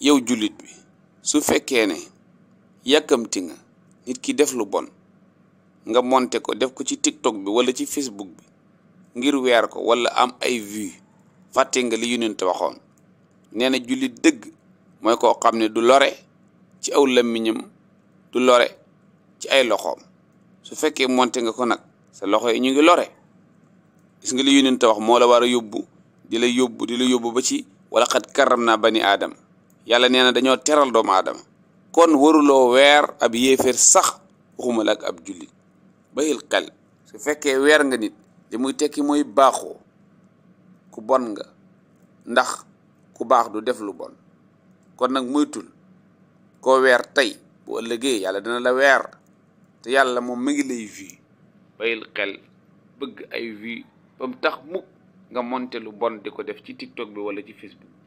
yow jullit bi su fekkee ne yàkkamti nga nit ki def lu bon nga monte ko def ko ci tiktok bi wala ci facebook bi ngir weer ko walla am ay vue fàtte nga li yonent waxoon nee na jullit dëgg mooy koo xam ne du lore ci aw làmmiñam du lore ci ay loxoom su fekkee monter nga ko nag sa loxo yi ñu ngi lore gis nga li yonent wax moo la war a yóbbu di la yóbbu di la yóbbu ba ci wala xat karam naa bani aadam yàlla nee na dañoo teral doomu aadama kon waruloo weer ab yéeféer sax waxuma ak ab jullit bayil xel su fekkee weer nga nit li muy tekki mooy baaxoo ku bon nga ndax ku baax du def lu bon kon nag moytul koo weer tey bu ëllëgee yàlla dina la weer te yàlla moom mi ngi lay vie bayil xel bëgg ay vie ba mu tax mukk nga monte lu bon di ko def ci tiktok bi wala ci facebook